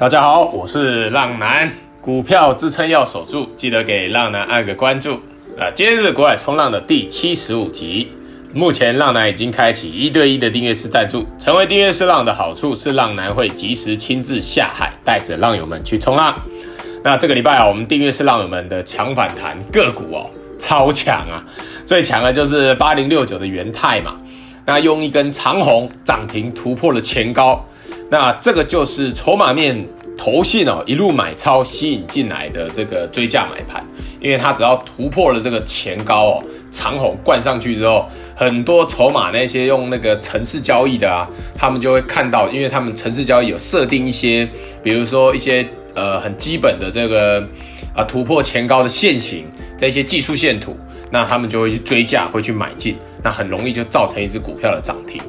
大家好，我是浪男，股票支撐要守住，記得給浪男按個關注啊、呃！今天是股海衝浪的第七十五集，目前浪男已經開啟一對一的訂閱式贊助。成為訂閱式浪的好處是，浪男會及時親自下海，帶着浪友們去衝浪。那這個禮拜啊，我們訂閱式浪友們的搶反彈個股哦，超強啊！最強的就是八零六九的元太嘛，那用一根長紅漲停突破了前高。那這個就是籌碼面投信哦，一路買超吸引進來的這個追價買盤，因為它只要突破了這個前高哦，長紅灌上去之後，很多籌碼那些用那個程式交易的啊，他們就會看到，因為他們程式交易有設定一些，比如說一些呃很基本的這個啊、呃、突破前高的線型在一些技術線圖，那他們就會去追價，會去買進，那很容易就造成一隻股票的漲停。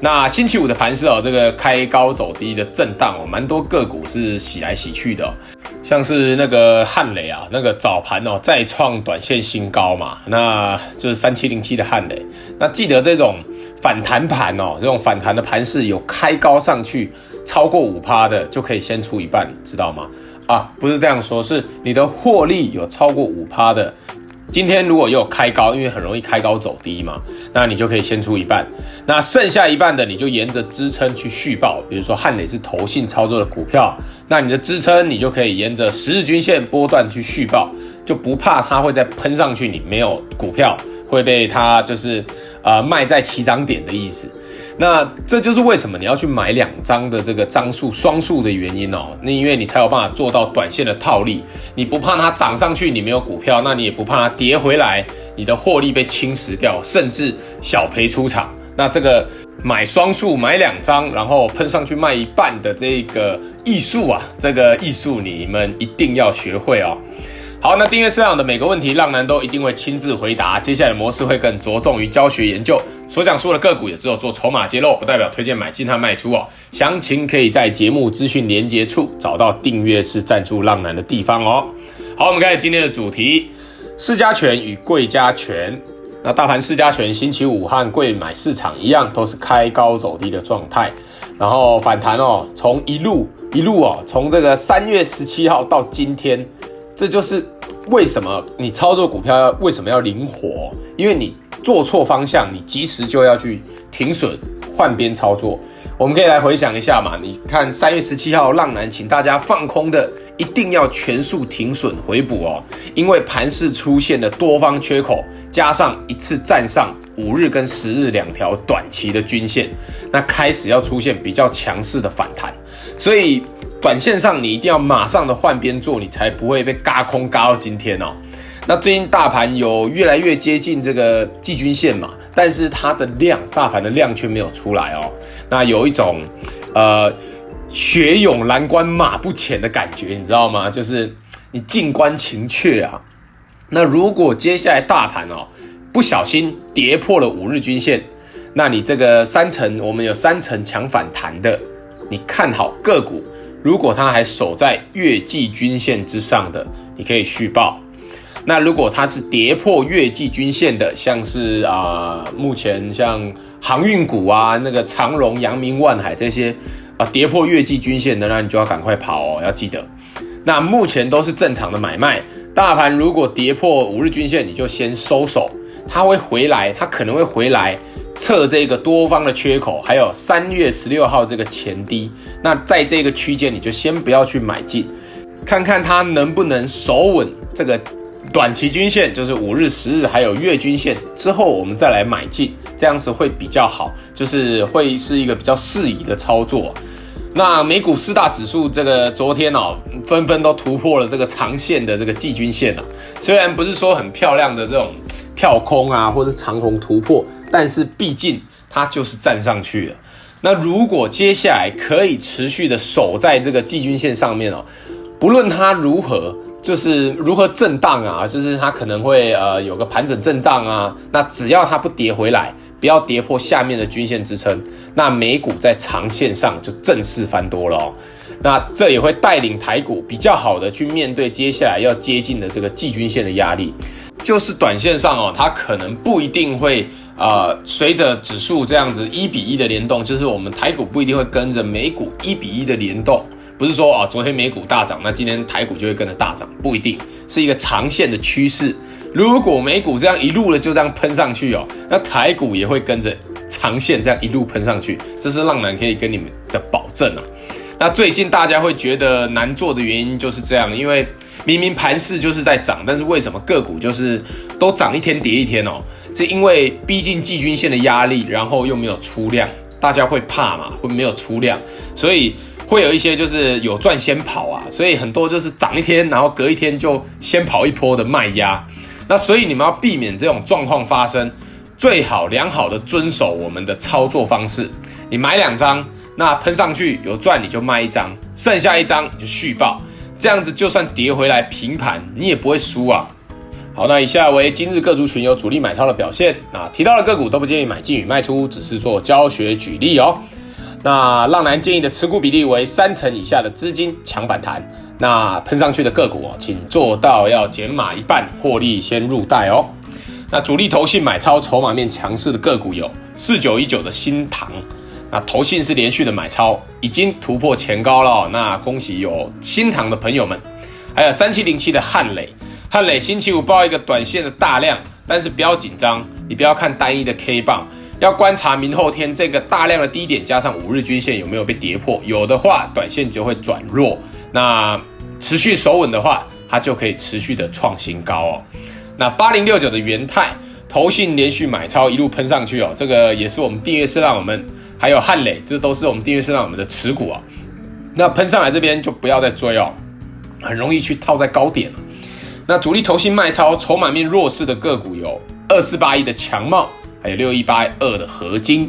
那星期五的盤勢哦，這個開高走低的震盪哦，蠻多個股是洗來洗去的哦，像是那個漢磊啊，那個早盤哦再創短線新高嘛，那就是三七零七的漢磊。那記得這種反彈盤哦，這種反彈的盤勢有開高上去超過五趴的，就可以先出一半，知道嗎？啊，不是這樣說，是你的獲利有超過五趴的。今天如果又開高，因為很容易開高走低嘛，那你就可以先出一半，那剩下一半的你就沿着支撐去續抱。比如說漢磊是投信操作的股票，那你的支撐你就可以沿着十日均線波段去續抱，就不怕它會再噴上去你，你沒有股票會被它就是呃賣在起漲點的意思。那這就是為什麼你要去買兩張的這個張數雙數的原因哦。那因為你才有辦法做到短線的套利，你不怕它漲上去，你沒有股票，那你也不怕它跌回來，你的獲利被侵蝕掉，甚至小賠出場。那這個買雙數買兩張，然後噴上去賣一半的這個藝術啊，這個藝術你們一定要學會哦。好，那訂閱式浪友的每個問題，浪男都一定會親自回答。接下來的模式會更着重於教學研究。所講述的個股也只有做籌碼揭露，不代表推薦買進和賣出哦。詳情可以在節目資訊連結處找到，訂閱是贊助浪男的地方哦。好，我們看今天的主題：市加權與櫃加權。那大盤市加權，星期五和櫃買市場一樣，都是開高走低的狀態，然後反彈哦。從一路一路哦，從這個三月十七號到今天，這就是。為什麼你操作股票要為什麼要靈活哦？因為你做錯方向，你及時就要去停損換邊操作。我們可以來回想一下嘛？你看三月十七號浪男請大家放空的一定要全數停損回補哦，因為盤勢出現了多方缺口，加上一次站上五日跟十日兩條短期的均線，那開始要出現比較強勢的反彈，所以。短線上，你一定要馬上的換邊做，你才不會被嘎空嘎到今天哦。那最近大盤有越來越接近這個季均線嘛，但是它的量，大盤的量卻沒有出來哦。那有一種，呃，雪擁藍關馬不前的感覺，你知道嗎？就是你靜觀情闕啊。那如果接下來大盤哦不小心跌破了五日均線，那你這個三成，我們有三成搶反彈的，你看好個股。如果它還守在月季均線之上的，你可以續抱。那如果它是跌破月季均線的，像是啊、呃，目前像航運股啊，那個長榮、陽明、萬海這些啊，跌破月季均線的，那你就要趕快跑哦，要記得。那目前都是正常的買賣，大盤如果跌破五日均線，你就先收手，它會回來，它可能會回來。測這個多方的缺口，還有三月十六號這個前低，那在這個區間你就先不要去買進，看看它能不能守穩這個短期均線，就是五日、十日還有月均線，之後我們再來買進，這樣子會比較好，就是會是一個比較適宜的操作。那美股四大指數這個昨天哦，紛紛都突破了這個長線的這個季均線啊，雖然不是說很漂亮的這種跳空啊，或者是長紅突破，但是畢竟它就是站上去了。那如果接下來可以持續的守在這個季均線上面哦、啊，不論它如何，就是如何震盪啊，就是它可能會呃有個盤整震盪啊，那只要它不跌回來。要跌破下面的均線支撐，那美股在長線上就正式翻多了哦，那這也會帶領台股比較好的去面對接下來要接近的這個季均線的壓力。就是短線上哦，它可能不一定會啊，呃，隨着指數這樣子一比一的聯動，就是我們台股不一定會跟着美股一比一的聯動，不是說啊，昨天美股大漲，那今天台股就會跟着大漲，不一定是一個長線的趨勢。如果美股這樣一路了，就這樣噴上去哦，那台股也會跟着長線這樣一路噴上去，這是浪男可以跟你們的保證了、啊。那最近大家會覺得難做的原因就是這樣，因為明明盤勢就是在漲，但是為什麼個股就是都漲一天跌一天哦？是因為逼近季均線的壓力，然後又沒有出量，大家會怕嘛，會沒有出量，所以會有一些就是有賺先跑啊，所以很多就是漲一天，然後隔一天就先跑一波的賣壓。那所以你們要避免這種狀況發生，最好良好的遵守我們的操作方式。你買兩張，那噴上去有賺你就賣一張，剩下一張你就續報，這樣子就算跌回來平盤，你也不會輸啊。好，那以下為今日各族群有主力買超的表現。那提到的個股都不建議買進與賣出，只是做教學舉例哦。那浪男建議的持股比例為三成以下的資金搶反彈。那噴上去的個股哦，請做到要減碼一半，獲利先入袋哦。那主力投信買超，籌碼面強勢的個股有四九一九的新唐。那投信是連續的買超，已經突破前高了哦。那恭喜有新唐的朋友們。還有三七零七的漢磊。漢磊星期五報一個短線的大量，但是不要緊張，你不要看單一的 K 棒。要觀察明後天這個大量的低點，加上五日均線有沒有被跌破，有的話短線就會轉弱。那持續守穩的話，它就可以持續的創新高哦。那八零六九的元太、投信連續買超一路噴上去哦，這個也是我們訂閱式浪友們還有漢磊，這都是我們訂閱式浪友們的持股啊、哦。那噴上來這邊就不要再追哦，很容易去套在高點了。那主力投信賣超、籌碼面弱勢的個股有二四八一的強茂。哎，六一八二的合晶，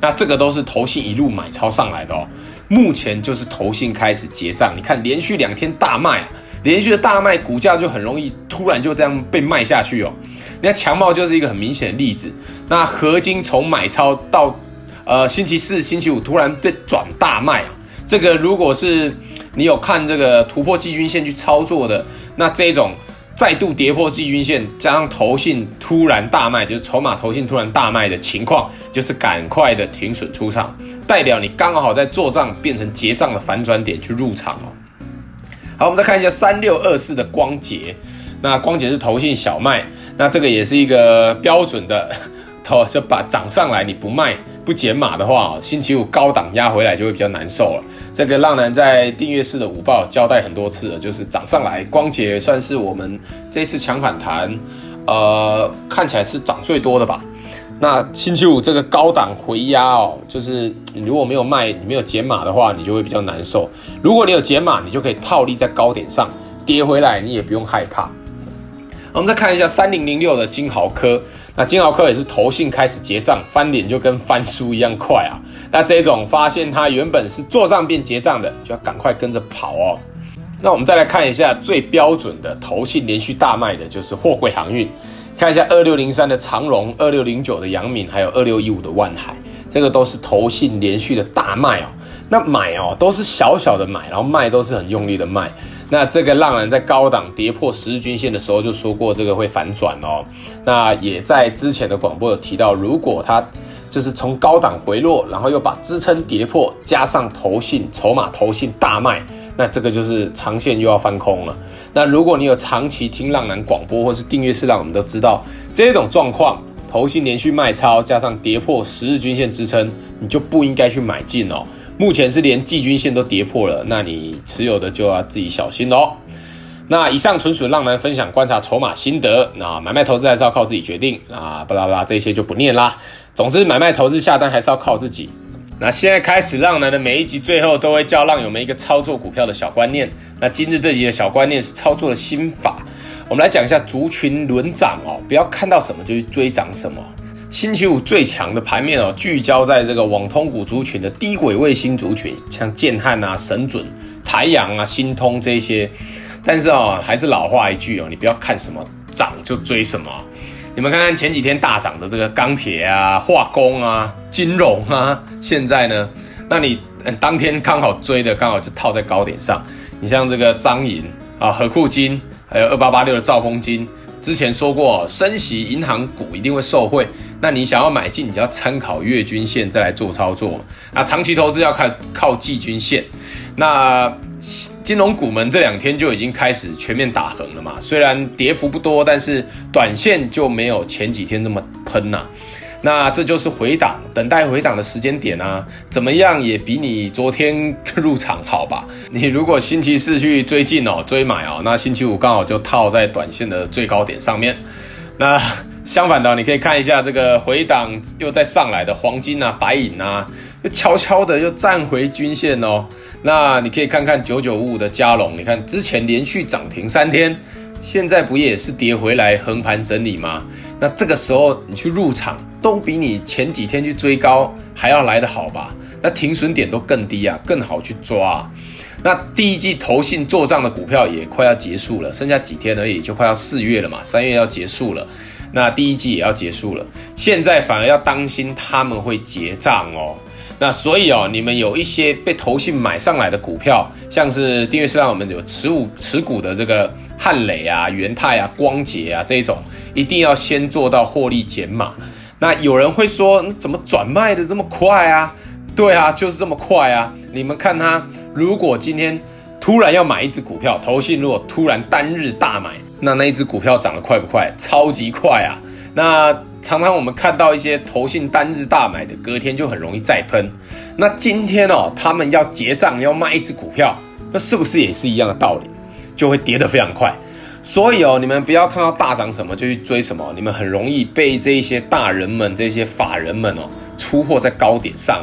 那這個都是投信一路買超上來的哦。目前就是投信開始結賬，你看連續兩天大賣啊，連續的大賣，股價就很容易突然就這樣被賣下去哦。你看強茂就是一個很明顯的例子。那合晶從買超到，呃，星期四、星期五突然被轉大賣啊、哦，這個如果是你有看這個突破季均線去操作的，那這種。再度跌破季均線，加上投信突然大賣，就是籌碼投信突然大賣的情況，就是趕快的停損出場，代表你剛好在做賬變成結賬的反轉點去入場哦。好，我們再看一下三六二四的光頡，那光頡是投信小賣，那這個也是一個標準的，頭就把漲上來你不賣。不減碼的話，星期五高檔壓回來就會比較難受了。這個浪男在訂閱式的午報交代很多次了，就是漲上來，光頡算是我們這次搶反彈，呃，看起來是漲最多的吧。那星期五這個高檔回壓哦，就是你如果沒有賣，你沒有減碼的話，你就會比較難受。如果你有減碼，你就可以套利在高點上跌回來，你也不用害怕。我們再看一下三零零六的晶豪科。那晶豪科也是投信開始結賬，翻臉就跟翻書一樣快啊！那這種發現它原本是作帳變結賬的，就要趕快跟着跑哦。那我們再來看一下最標準的投信連續大賣的，就是貨櫃航運。看一下二六零三的長榮，二六零九的陽明，還有二六一五的萬海，這個都是投信連續的大賣哦。那買哦都是小小的買，然後賣都是很用力的賣。那這個浪男，在高檔跌破十日均線的時候就說過，這個會反轉哦。那也在之前的廣播有提到，如果它就是從高檔回落，然後又把支撐跌破，加上投信籌碼投信大賣，那這個就是長線又要翻空了。那如果你有長期聽浪男廣播或是訂閱式浪友，我們都知道這種狀況，投信連續賣超，加上跌破十日均線支撐，你就不應該去買進哦。目前是連季均線都跌破了，那你持有的就要自己小心咯哦。那以上純屬浪男分享觀察籌碼心得，那買賣投資還是要靠自己決定啊！巴拉巴拉這些就不念啦。總之，買賣投資下單還是要靠自己。那現在開始，浪男的每一集最後都會教浪友們一個操作股票的小觀念。那今日這集的小觀念是操作的心法，我們來講一下族群輪漲哦，不要看到什麼就去追漲什麼。星期五最強的盤面哦，聚焦在這個網通股族群的低軌衛星族群，像建漢啊、神準、台陽啊、星通這些。但是哦，還是老話一句哦，你不要看什麼漲就追什麼。你們看看前幾天大漲的這個鋼鐵啊、化工啊、金融啊，現在呢，那你當天剛好追的，剛好就套在高點上。你像這個彰銀啊、合庫金，還有二八八六的兆豐金，之前說過哦，升息銀行股一定會受惠。那你想要買進，你就要參考月均線再來做操作。那長期投資要看靠季均線。那金融股們這兩天就已經開始全面打橫了嘛，雖然跌幅不多，但是短線就沒有前幾天這麼噴吶啊。那這就是回檔，等待回檔的時間點啊，怎麼樣也比你昨天入場好吧？你如果星期四去追進哦，追買哦，那星期五剛好就套在短線的最高點上面，那。相反的，你可以看一下這個回檔又再上來的黃金啊、白銀啊，就悄悄的又站回均線哦。那你可以看看九九五五的佳龍，你看之前連續漲停三天，現在不也是跌回來橫盤整理嗎？那這個時候你去入場，都比你前幾天去追高還要來得好吧？那停損點都更低啊，更好去抓。那第一季投信作帳的股票也快要結束了，剩下幾天而已，就快要四月了嘛，三月要結束了，那第一季也要結束了，現在反而要擔心他們會結賬哦。那所以哦，你們有一些被投信買上來的股票，像是訂閱式浪友們有持股持股的這個漢磊啊、元太啊、光頡啊這一種，一定要先做到獲利減碼。那有人會說，嗯、怎麼轉賣的這麼快啊？對啊，就是這麼快啊，你們看他。如果今天突然要買一隻股票，投信如果突然單日大買，那那一隻股票漲得快不快？超級快啊！那常常我們看到一些投信單日大買的，隔天就很容易再噴。那今天哦，他們要結賬，要賣一隻股票，那是不是也是一樣的道理？就會跌得非常快。所以哦，你們不要看到大漲什麼就去追什麼，你們很容易被這一些大人們、這些法人們哦，出貨在高點上。